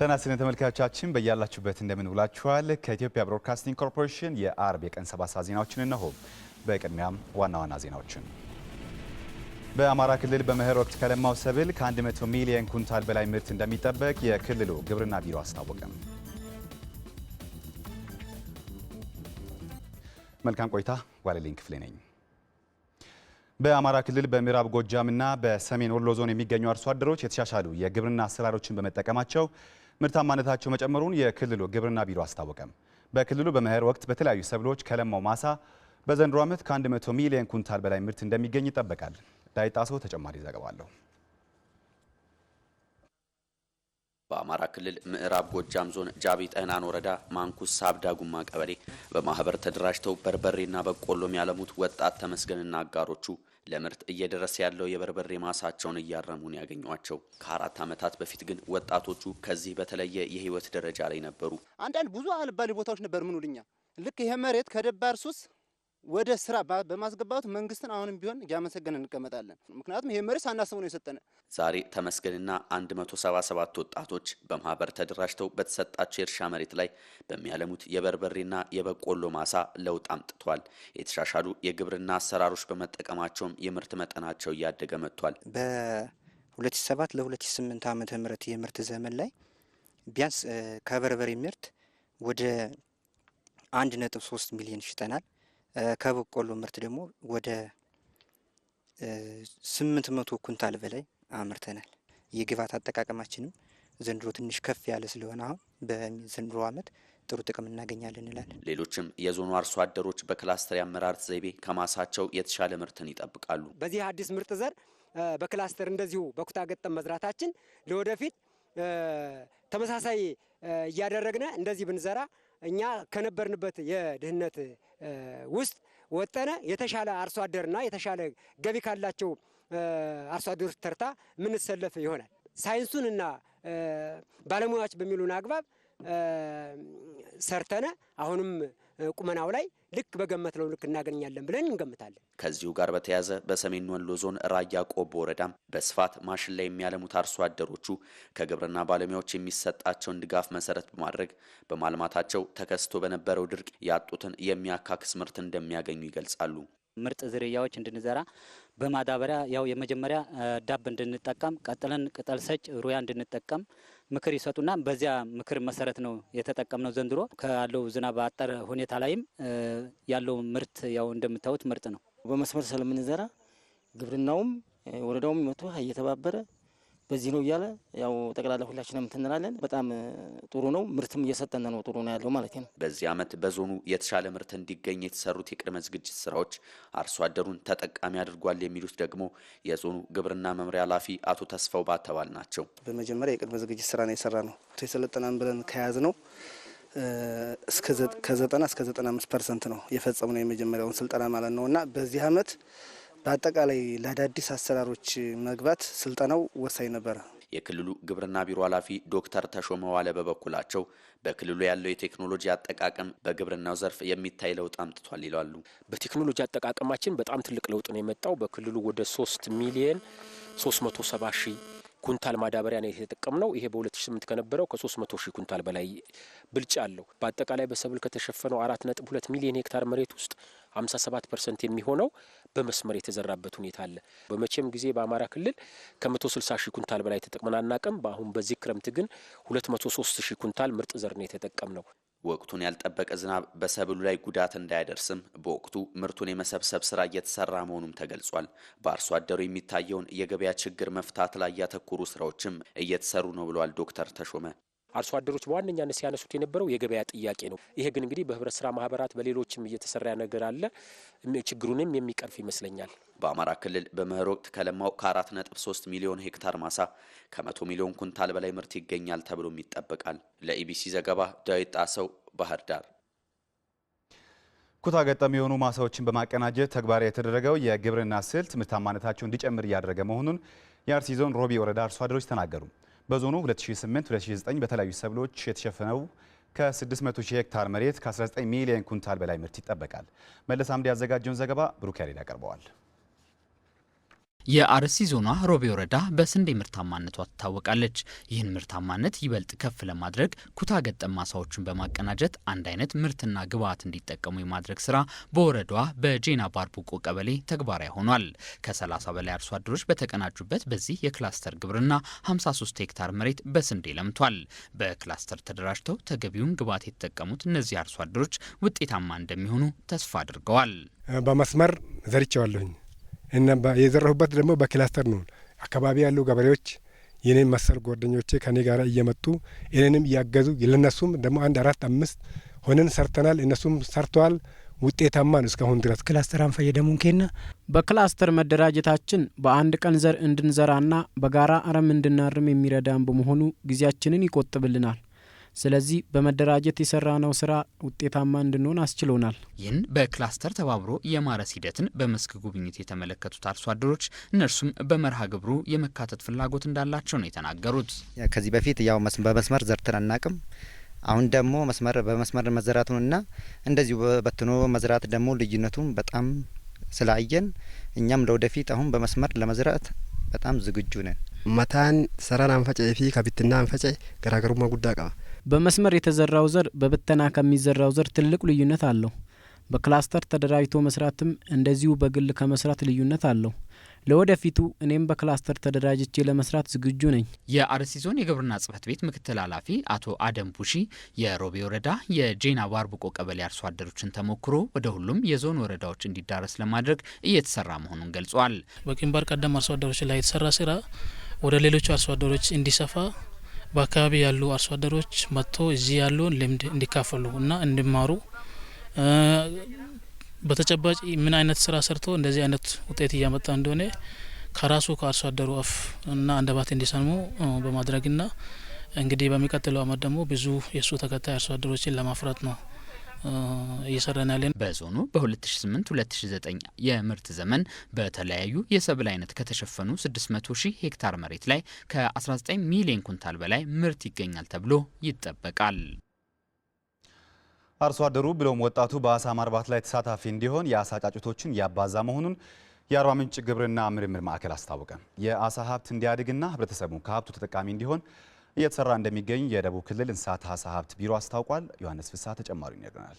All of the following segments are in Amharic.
ጤና ይስጥልን ተመልካቾቻችን፣ በያላችሁበት እንደምን ውላችኋል። ከኢትዮጵያ ብሮድካስቲንግ ኮርፖሬሽን የአርብ የቀን ሰባት ሰዓት ዜናዎችን እነሆ። በቅድሚያም ዋና ዋና ዜናዎችን በአማራ ክልል በመኸር ወቅት ከለማው ሰብል ከ100 ሚሊዮን ኩንታል በላይ ምርት እንደሚጠበቅ የክልሉ ግብርና ቢሮ አስታወቀ። መልካም ቆይታ። ዋለልኝ ክፍሌ ነኝ። በአማራ ክልል በምዕራብ ጎጃምና በሰሜን ወሎ ዞን የሚገኙ አርሶ አደሮች የተሻሻሉ የግብርና አሰራሮችን በመጠቀማቸው ምርታማነታቸው መጨመሩን የክልሉ ግብርና ቢሮ አስታወቀም። በክልሉ በመኸር ወቅት በተለያዩ ሰብሎች ከለማው ማሳ በዘንድሮ ዓመት ከ100 ሚሊዮን ኩንታል በላይ ምርት እንደሚገኝ ይጠበቃል። ዳይጣሶ ተጨማሪ ዘገባ አለው። በአማራ ክልል ምዕራብ ጎጃም ዞን ጃቢ ጠህናን ወረዳ ማንኩስ ሳብዳ ጉማ ቀበሌ በማህበር ተደራጅተው በርበሬና በቆሎም ያለሙት ወጣት ተመስገንና አጋሮቹ ለምርት እየደረሰ ያለው የበርበሬ ማሳቸውን እያረሙ ነው ያገኟቸው። ከአራት ዓመታት በፊት ግን ወጣቶቹ ከዚህ በተለየ የህይወት ደረጃ ላይ ነበሩ። አንዳንድ ብዙ አልባሌ ቦታዎች ነበር። ምኑልኛ ልክ ይሄ መሬት ከደባር ሱስ ወደ ስራ በማስገባቱ መንግስትን አሁንም ቢሆን እያመሰገን እንቀመጣለን። ምክንያቱም ይሄ መሪ ሳናስቡ ነው የሰጠነ። ዛሬ ተመስገንና 177 ወጣቶች በማህበር ተደራጅተው በተሰጣቸው የእርሻ መሬት ላይ በሚያለሙት የበርበሬና የበቆሎ ማሳ ለውጥ አምጥቷል። የተሻሻሉ የግብርና አሰራሮች በመጠቀማቸውም የምርት መጠናቸው እያደገ መጥቷል። በ2007 ለ2008 ዓ ምህረት የምርት ዘመን ላይ ቢያንስ ከበርበሬ ምርት ወደ 1.3 ሚሊዮን ሽጠናል። ከበቆሎ ምርት ደግሞ ወደ ስምንት መቶ ኩንታል በላይ አምርተናል። የግብዓት አጠቃቀማችንም ዘንድሮ ትንሽ ከፍ ያለ ስለሆነ አሁን በዘንድሮ ዓመት ጥሩ ጥቅም እናገኛለን እንላለን። ሌሎችም የዞኑ አርሶ አደሮች በክላስተር የአመራረት ዘይቤ ከማሳቸው የተሻለ ምርትን ይጠብቃሉ። በዚህ አዲስ ምርጥ ዘር በክላስተር እንደዚሁ በኩታ ገጠም መዝራታችን ለወደፊት ተመሳሳይ እያደረግነ እንደዚህ ብንዘራ እኛ ከነበርንበት የድህነት ውስጥ ወጠነ የተሻለ አርሶ አደርና የተሻለ ገቢ ካላቸው አርሶ አደሮች ተርታ የምንሰለፍ ይሆናል። ሳይንሱንና ባለሙያዎች በሚሉን አግባብ ሰርተነ አሁንም ቁመናው ላይ ልክ በገመት ነው ልክ እናገኛለን ብለን እንገምታለን። ከዚሁ ጋር በተያያዘ በሰሜን ወሎ ዞን ራያ ቆቦ ወረዳም በስፋት ማሽን ላይ የሚያለሙት አርሶ አደሮቹ ከግብርና ባለሙያዎች የሚሰጣቸውን ድጋፍ መሰረት በማድረግ በማልማታቸው ተከስቶ በነበረው ድርቅ ያጡትን የሚያካክስ ምርት እንደሚያገኙ ይገልጻሉ። ምርጥ ዝርያዎች እንድንዘራ በማዳበሪያ ያው የመጀመሪያ ዳብ እንድንጠቀም ቀጥለን ቅጠል ሰጭ ሩያ እንድንጠቀም ምክር ይሰጡና በዚያ ምክር መሰረት ነው የተጠቀምነው ዘንድሮ። ካለው ዝናብ አጠር ሁኔታ ላይም ያለው ምርት ያው እንደምታዩት ምርጥ ነው። በመስመር ስለምንዘራ ግብርናውም ወረዳውም መቶ እየተባበረ በዚህ ነው እያለ ያው ጠቅላላ ሁላችን የምትንላለን። በጣም ጥሩ ነው፣ ምርትም እየሰጠነ ነው። ጥሩ ነው ያለው ማለት ነው። በዚህ ዓመት በዞኑ የተሻለ ምርት እንዲገኝ የተሰሩት የቅድመ ዝግጅት ስራዎች አርሶ አደሩን ተጠቃሚ አድርጓል የሚሉት ደግሞ የዞኑ ግብርና መምሪያ ኃላፊ አቶ ተስፋው ባተባል ናቸው። በመጀመሪያ የቅድመ ዝግጅት ስራ ነው የሰራ ነው የሰለጠናን ብለን ከያዝ ነው ከዘጠና እስከ ዘጠና አምስት ፐርሰንት ነው የፈጸሙ ነው የመጀመሪያውን ስልጠና ማለት ነው እና በዚህ ዓመት በአጠቃላይ ለአዳዲስ አሰራሮች መግባት ስልጠናው ወሳኝ ነበር የክልሉ ግብርና ቢሮ ኃላፊ ዶክተር ተሾመ ዋለ በበኩላቸው በክልሉ ያለው የቴክኖሎጂ አጠቃቀም በግብርናው ዘርፍ የሚታይ ለውጥ አምጥቷል ይላሉ። በቴክኖሎጂ አጠቃቀማችን በጣም ትልቅ ለውጥ ነው የመጣው። በክልሉ ወደ 3 ሚሊየን 370 ሺህ ኩንታል ማዳበሪያ ነው የተጠቀምነው። ይሄ በ2008 ከነበረው ከ300 ሺህ ኩንታል በላይ ብልጫ አለው። በአጠቃላይ በሰብል ከተሸፈነው 4.2 ሚሊዮን ሄክታር መሬት ውስጥ 57 ፐርሰንት የሚሆነው በመስመር የተዘራበት ሁኔታ አለ። በመቼም ጊዜ በአማራ ክልል ከ160 ሺህ ኩንታል በላይ ተጠቅመን አናቅም። በአሁን በዚህ ክረምት ግን 203 ሺህ ኩንታል ምርጥ ዘር ነው የተጠቀምነው። ወቅቱን ያልጠበቀ ዝናብ በሰብሉ ላይ ጉዳት እንዳይደርስም በወቅቱ ምርቱን የመሰብሰብ ስራ እየተሰራ መሆኑም ተገልጿል። በአርሶ አደሩ የሚታየውን የገበያ ችግር መፍታት ላይ ያተኮሩ ስራዎችም እየተሰሩ ነው ብለዋል ዶክተር ተሾመ። አርሶ አደሮች በዋነኛነት ሲያነሱት የነበረው የገበያ ጥያቄ ነው። ይሄ ግን እንግዲህ በህብረት ስራ ማህበራት በሌሎችም እየተሰራ ነገር አለ። ችግሩንም የሚቀርፍ ይመስለኛል። በአማራ ክልል በመኸር ወቅት ከለማው ከ4.3 ሚሊዮን ሄክታር ማሳ ከመቶ ሚሊዮን ኩንታል በላይ ምርት ይገኛል ተብሎም ይጠበቃል። ለኢቢሲ ዘገባ ዳዊት ጣሰው ባህር ዳር። ኩታ ገጠም የሆኑ ማሳዎችን በማቀናጀት ተግባራዊ የተደረገው የግብርና ስልት ምርታማነታቸው እንዲጨምር እያደረገ መሆኑን የአርሲ ዞን ሮቢ ወረዳ አርሶ አደሮች ተናገሩ። በዞኑ 2008 2009 በተለያዩ ሰብሎች የተሸፈነው ከ600 ሄክታር መሬት ከ19 ሚሊዮን ኩንታል በላይ ምርት ይጠበቃል። መለስ አምድ ያዘጋጀውን ዘገባ ብሩክ ያሬድ ያቀርበዋል። የአርሲ ዞኗ ሮቤ ወረዳ በስንዴ ምርታማነቷ ትታወቃለች። ይህን ምርታማነት ይበልጥ ከፍ ለማድረግ ኩታ ገጠም ማሳዎችን በማቀናጀት አንድ አይነት ምርትና ግብዓት እንዲጠቀሙ የማድረግ ስራ በወረዳዋ በጄና ባርቡቆ ቀበሌ ተግባራዊ ሆኗል። ከ30 በላይ አርሶ አደሮች በተቀናጁበት በዚህ የክላስተር ግብርና 53 ሄክታር መሬት በስንዴ ለምቷል። በክላስተር ተደራጅተው ተገቢውን ግብዓት የተጠቀሙት እነዚህ አርሶ አደሮች ውጤታማ እንደሚሆኑ ተስፋ አድርገዋል። በመስመር ዘርቼዋለሁኝ እና የዘራሁበት ደግሞ በክላስተር ነው። አካባቢ ያሉ ገበሬዎች የኔን መሰል ጓደኞቼ ከኔ ጋር እየመጡ እኔንም እያገዙ ለነሱም ደግሞ አንድ አራት አምስት ሆነን ሰርተናል። እነሱም ሰርተዋል። ውጤታማን እስካሁን ድረስ። ክላስተር አንፈየ ደሙን ኬና በክላስተር መደራጀታችን በአንድ ቀን ዘር እንድንዘራና በጋራ አረም እንድናርም የሚረዳን በመሆኑ ጊዜያችንን ይቆጥብልናል። ስለዚህ በመደራጀት የሰራነው ስራ ውጤታማ እንድንሆን አስችሎናል። ይህን በክላስተር ተባብሮ የማረስ ሂደትን በመስክ ጉብኝት የተመለከቱት አርሶ አደሮች እነርሱም በመርሃ ግብሩ የመካተት ፍላጎት እንዳላቸው ነው የተናገሩት። ከዚህ በፊት ያው በመስመር ዘርተን አናቅም። አሁን ደግሞ መስመር በመስመር መዘራት ነው እና እንደዚሁ በትኖ መዝራት ደግሞ ልዩነቱን በጣም ስላየን እኛም ለወደፊት አሁን በመስመር ለመዝራት በጣም ዝግጁ ነን። መታን ሰራን አንፈጨ ፊ ከቢትና አንፈጨ ገራገሩማ ጉዳ ቀባ በመስመር የተዘራው ዘር በብተና ከሚዘራው ዘር ትልቅ ልዩነት አለው። በክላስተር ተደራጅቶ መስራትም እንደዚሁ በግል ከመስራት ልዩነት አለው። ለወደፊቱ እኔም በክላስተር ተደራጅቼ ለመስራት ዝግጁ ነኝ። የአርሲ ዞን የግብርና ጽህፈት ቤት ምክትል ኃላፊ አቶ አደም ቡሺ የሮቤ ወረዳ የጄና ባርብቆ ቀበሌ አርሶ አደሮችን ተሞክሮ ወደ ሁሉም የዞን ወረዳዎች እንዲዳረስ ለማድረግ እየተሰራ መሆኑን ገልጿል። በግንባር ቀደም አርሶ አደሮች ላይ የተሰራ ስራ ወደ ሌሎች አርሶ አደሮች እንዲሰፋ በአካባቢ ያሉ አርሶ አደሮች መጥቶ እዚህ ያለውን ልምድ እንዲካፈሉ እና እንዲማሩ በተጨባጭ ምን አይነት ስራ ሰርቶ እንደዚህ አይነት ውጤት እያመጣ እንደሆነ ከራሱ ከአርሶ አደሩ አፍ እና አንደበት እንዲሰሙ በማድረግና እንግዲህ በሚቀጥለው አመት ደግሞ ብዙ የእሱ ተከታይ አርሶ አደሮችን ለማፍራት ነው እየሰራን ያለን። በዞኑ በ2008 2009 የምርት ዘመን በተለያዩ የሰብል አይነት ከተሸፈኑ 600 ሺህ ሄክታር መሬት ላይ ከ19 ሚሊዮን ኩንታል በላይ ምርት ይገኛል ተብሎ ይጠበቃል። አርሶ አደሩ ብሎም ወጣቱ በአሳ ማርባት ላይ ተሳታፊ እንዲሆን የአሳ ጫጩቶችን ያባዛ መሆኑን የአርባ ምንጭ ግብርና ምርምር ማዕከል አስታወቀ። የአሳ ሀብት እንዲያድግና ህብረተሰቡ ከሀብቱ ተጠቃሚ እንዲሆን እየተሰራ እንደሚገኝ የደቡብ ክልል እንስሳት ዓሳ ሀብት ቢሮ አስታውቋል። ዮሐንስ ፍስሐ ተጨማሪውን ያገናል።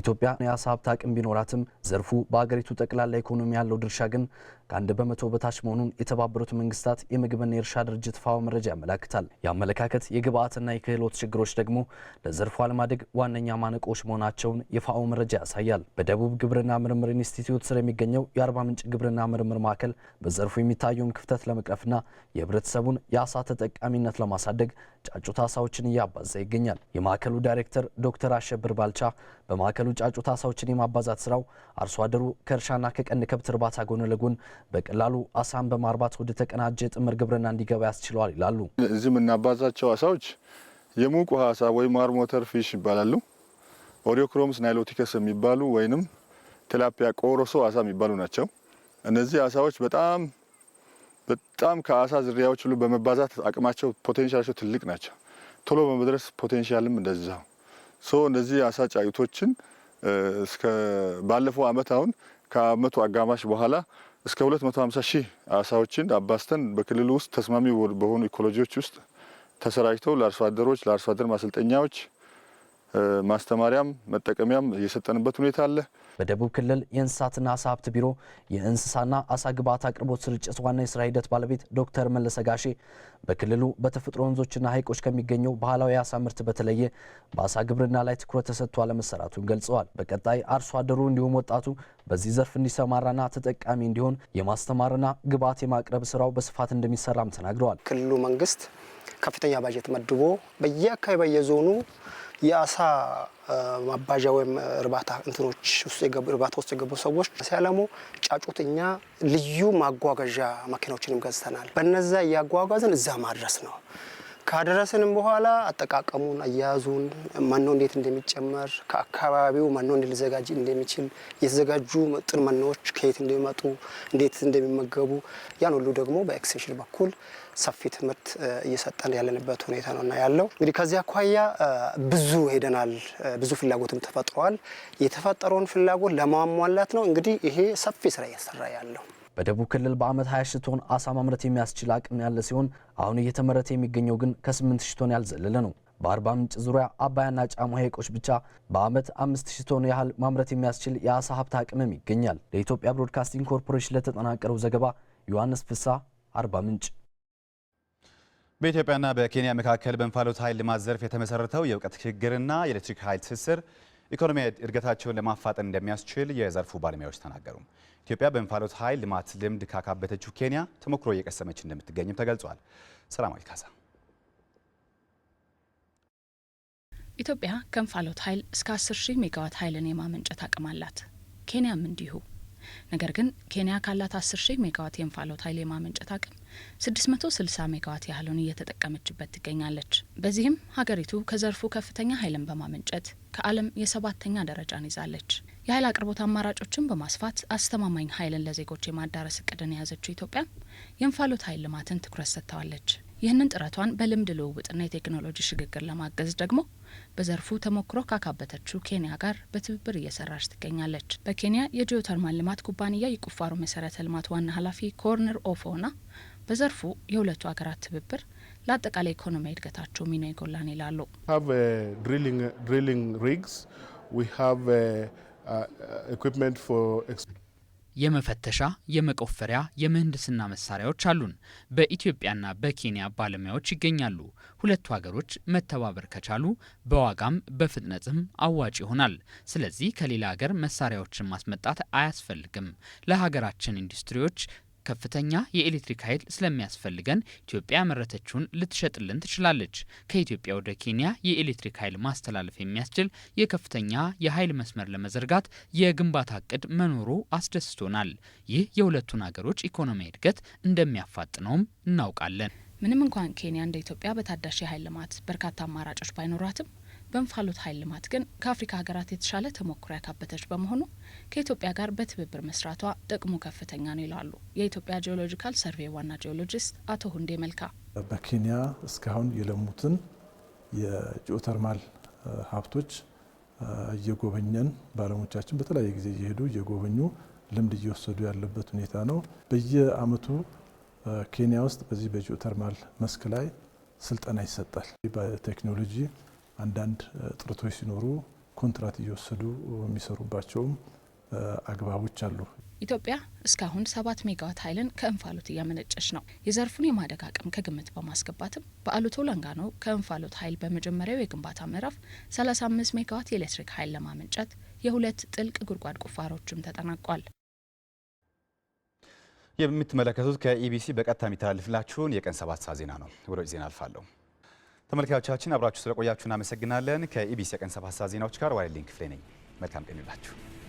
ኢትዮጵያ የአሳ ሀብት አቅም ቢኖራትም ዘርፉ በአገሪቱ ጠቅላላ ኢኮኖሚ ያለው ድርሻ ግን ከአንድ በመቶ በታች መሆኑን የተባበሩት መንግስታት የምግብና የእርሻ ድርጅት ፋኦ መረጃ ያመላክታል። የአመለካከት የግብአትና የክህሎት ችግሮች ደግሞ ለዘርፉ አለማደግ ዋነኛ ማነቆች መሆናቸውን የፋኦ መረጃ ያሳያል። በደቡብ ግብርና ምርምር ኢንስቲትዩት ስር የሚገኘው የአርባ ምንጭ ግብርና ምርምር ማዕከል በዘርፉ የሚታየውን ክፍተት ለመቅረፍና የህብረተሰቡን የአሳ ተጠቃሚነት ለማሳደግ ጫጩት አሳዎችን እያባዛ ይገኛል። የማዕከሉ ዳይሬክተር ዶክተር አሸብር ባልቻ በማዕከሉ ጫጩት አሳዎችን የማባዛት ስራው አርሶ አደሩ ከእርሻና ከቀንድ ከብት እርባታ ጎን ለጎን በቀላሉ አሳን በማርባት ወደ ተቀናጀ ጥምር ግብርና እንዲገባ ያስችለዋል ይላሉ። እዚህ የምናባዛቸው አሳዎች የሙቅ ውሃ አሳ ወይም አርሞተር ፊሽ ይባላሉ። ኦሪዮክሮምስ ናይሎቲከስ የሚባሉ ወይንም ትላፒያ ቆሮሶ አሳ የሚባሉ ናቸው። እነዚህ አሳዎች በጣም በጣም ከአሳ ዝርያዎች ሁሉ በመባዛት አቅማቸው ፖቴንሻላቸው ትልቅ ናቸው። ቶሎ በመድረስ ፖቴንሻልም እንደዛው ሶ እነዚህ አሳ ጫጩቶችን እስከ ባለፈው አመት አሁን ከአመቱ አጋማሽ በኋላ እስከ 250 ሺህ አሳዎችን አባስተን በክልሉ ውስጥ ተስማሚ በሆኑ ኢኮሎጂዎች ውስጥ ተሰራጭተው ለአርሶ አደሮች ለአርሶ አደር ማሰልጠኛዎች ማስተማሪያም መጠቀሚያም የሰጠንበት ሁኔታ አለ። በደቡብ ክልል የእንስሳትና አሳ ሀብት ቢሮ የእንስሳና አሳ ግብዓት አቅርቦት ስርጭት ዋና የስራ ሂደት ባለቤት ዶክተር መለሰ ጋሼ በክልሉ በተፈጥሮ ወንዞችና ሐይቆች ከሚገኘው ባህላዊ የአሳ ምርት በተለየ በአሳ ግብርና ላይ ትኩረት ተሰጥቶ አለመሰራቱን ገልጸዋል። በቀጣይ አርሶ አደሩ እንዲሁም ወጣቱ በዚህ ዘርፍ እንዲሰማራና ተጠቃሚ እንዲሆን የማስተማርና ግብዓት የማቅረብ ስራው በስፋት እንደሚሰራም ተናግረዋል። ክልሉ መንግስት ከፍተኛ ባጀት መድቦ በየአካባቢ በየዞኑ የአሳ ማባዣ ወይም እርባታ እንትኖች ውስጥ የገቡ እርባታ ውስጥ የገቡ ሰዎች ሲያለሙ ጫጩት እኛ ልዩ ማጓጓዣ መኪናዎችንም ገዝተናል። በነዛ እያጓጓዝን እዛ ማድረስ ነው። ካደረስንም በኋላ አጠቃቀሙን፣ አያያዙን፣ መኖ እንዴት እንደሚጨመር ከአካባቢው መኖ ሊዘጋጅ እንደሚችል የተዘጋጁ ምጥን መኖዎች ከየት እንደሚመጡ እንዴት እንደሚመገቡ ያን ሁሉ ደግሞ በኤክስቴንሽን በኩል ሰፊ ትምህርት እየሰጠን ያለንበት ሁኔታ እና ያለው እንግዲህ ከዚህ አኳያ ብዙ ሄደናል። ብዙ ፍላጎትም ተፈጥሯል። የተፈጠረውን ፍላጎት ለማሟላት ነው እንግዲህ ይሄ ሰፊ ስራ እየሰራ ያለው በደቡብ ክልል በዓመት 20 ሺህ ቶን አሳ ማምረት የሚያስችል አቅም ያለ ሲሆን አሁን እየተመረተ የሚገኘው ግን ከ8 ሺህ ቶን ያልዘለለ ነው። በአርባ ምንጭ ዙሪያ አባያና ጫማ ሐይቆች ብቻ በዓመት 5000 ቶን ያህል ማምረት የሚያስችል የአሳ ሀብት አቅምም ይገኛል። ለኢትዮጵያ ብሮድካስቲንግ ኮርፖሬሽን ለተጠናቀረው ዘገባ ዮሐንስ ፍሳ አርባ ምንጭ። በኢትዮጵያና በኬንያ መካከል በእንፋሎት ኃይል ልማት ዘርፍ የተመሰረተው የእውቀት ሽግግርና የኤሌክትሪክ ኃይል ትስስር ኢኮኖሚ እድገታቸውን ለማፋጠን እንደሚያስችል የዘርፉ ባለሙያዎች ተናገሩ። ኢትዮጵያ በእንፋሎት ኃይል ልማት ልምድ ካካበተችው ኬንያ ተሞክሮ እየቀሰመች እንደምትገኝም ተገልጿል። ሰላማዊት ካሳ ኢትዮጵያ ከእንፋሎት ኃይል እስከ 10 ሺህ ሜጋዋት ኃይልን የማመንጨት አቅም አላት። ኬንያም እንዲሁ። ነገር ግን ኬንያ ካላት 10 ሺህ ሜጋዋት የእንፋሎት ኃይል የማመንጨት አቅም 660 ሜጋዋት ያህሉን እየተጠቀመችበት ትገኛለች። በዚህም ሀገሪቱ ከዘርፉ ከፍተኛ ኃይልን በማመንጨት ከዓለም የሰባተኛ ደረጃን ይዛለች። የኃይል አቅርቦት አማራጮችን በማስፋት አስተማማኝ ኃይልን ለዜጎች የማዳረስ እቅድን የያዘችው ኢትዮጵያ የእንፋሎት ኃይል ልማትን ትኩረት ሰጥተዋለች። ይህንን ጥረቷን በልምድ ልውውጥና የቴክኖሎጂ ሽግግር ለማገዝ ደግሞ በዘርፉ ተሞክሮ ካካበተችው ኬንያ ጋር በትብብር እየሰራች ትገኛለች። በኬንያ የጂኦተርማል ልማት ኩባንያ የቁፋሮ መሰረተ ልማት ዋና ኃላፊ ኮርነር ኦፎና በዘርፉ የሁለቱ ሀገራት ትብብር ለአጠቃላይ ኢኮኖሚ እድገታቸው ሚና ይጎላን ይላሉ። uh, uh, uh, የመፈተሻ፣ የመቆፈሪያ፣ የምህንድስና መሳሪያዎች አሉን። በኢትዮጵያና በኬንያ ባለሙያዎች ይገኛሉ። ሁለቱ ሀገሮች መተባበር ከቻሉ በዋጋም በፍጥነትም አዋጭ ይሆናል። ስለዚህ ከሌላ ሀገር መሳሪያዎችን ማስመጣት አያስፈልግም። ለሀገራችን ኢንዱስትሪዎች ከፍተኛ የኤሌክትሪክ ኃይል ስለሚያስፈልገን ኢትዮጵያ ያመረተችውን ልትሸጥልን ትችላለች። ከኢትዮጵያ ወደ ኬንያ የኤሌክትሪክ ኃይል ማስተላለፍ የሚያስችል የከፍተኛ የኃይል መስመር ለመዘርጋት የግንባታ እቅድ መኖሩ አስደስቶናል። ይህ የሁለቱን ሀገሮች ኢኮኖሚያዊ እድገት እንደሚያፋጥነውም እናውቃለን። ምንም እንኳን ኬንያ እንደ ኢትዮጵያ በታዳሽ የኃይል ልማት በርካታ አማራጮች ባይኖራትም በእንፋሎት ኃይል ልማት ግን ከአፍሪካ ሀገራት የተሻለ ተሞክሮ ያካበተች በመሆኑ ከኢትዮጵያ ጋር በትብብር መስራቷ ጥቅሙ ከፍተኛ ነው ይላሉ የኢትዮጵያ ጂኦሎጂካል ሰርቬይ ዋና ጂኦሎጂስት አቶ ሁንዴ መልካ። በኬንያ እስካሁን የለሙትን የጂኦተርማል ሀብቶች እየጎበኘን ባለሙያዎቻችን በተለያየ ጊዜ እየሄዱ እየጎበኙ ልምድ እየወሰዱ ያለበት ሁኔታ ነው። በየአመቱ ኬንያ ውስጥ በዚህ በጂኦተርማል መስክ ላይ ስልጠና ይሰጣል። በቴክኖሎጂ አንዳንድ ጥረቶች ሲኖሩ ኮንትራት እየወሰዱ የሚሰሩባቸውም አግባቦች አሉ። ኢትዮጵያ እስካሁን ሰባት ሜጋዋት ኃይልን ከእንፋሎት እያመነጨች ነው። የዘርፉን የማደግ አቅም ከግምት በማስገባትም በአሉቶ ለንጋኖ ከእንፋሎት ኃይል በመጀመሪያው የግንባታ ምዕራፍ 35 ሜጋዋት የኤሌክትሪክ ኃይል ለማመንጨት የሁለት ጥልቅ ጉድጓድ ቁፋሮችም ተጠናቋል። የምትመለከቱት ከኢቢሲ በቀጥታ የሚተላለፍላችሁን የቀን ሰባት ሰዓት ዜና ነው። ወደ ዜና አልፋለሁ። ተመልካዮቻችን አብራችሁ ስለቆያችሁ እናመሰግናለን። ከኢቢሲ የቀን ሰባት ሰዓት ዜናዎች ጋር ዋይልዲን ክፍሌ ነኝ። መልካም ቀን ይላችሁ።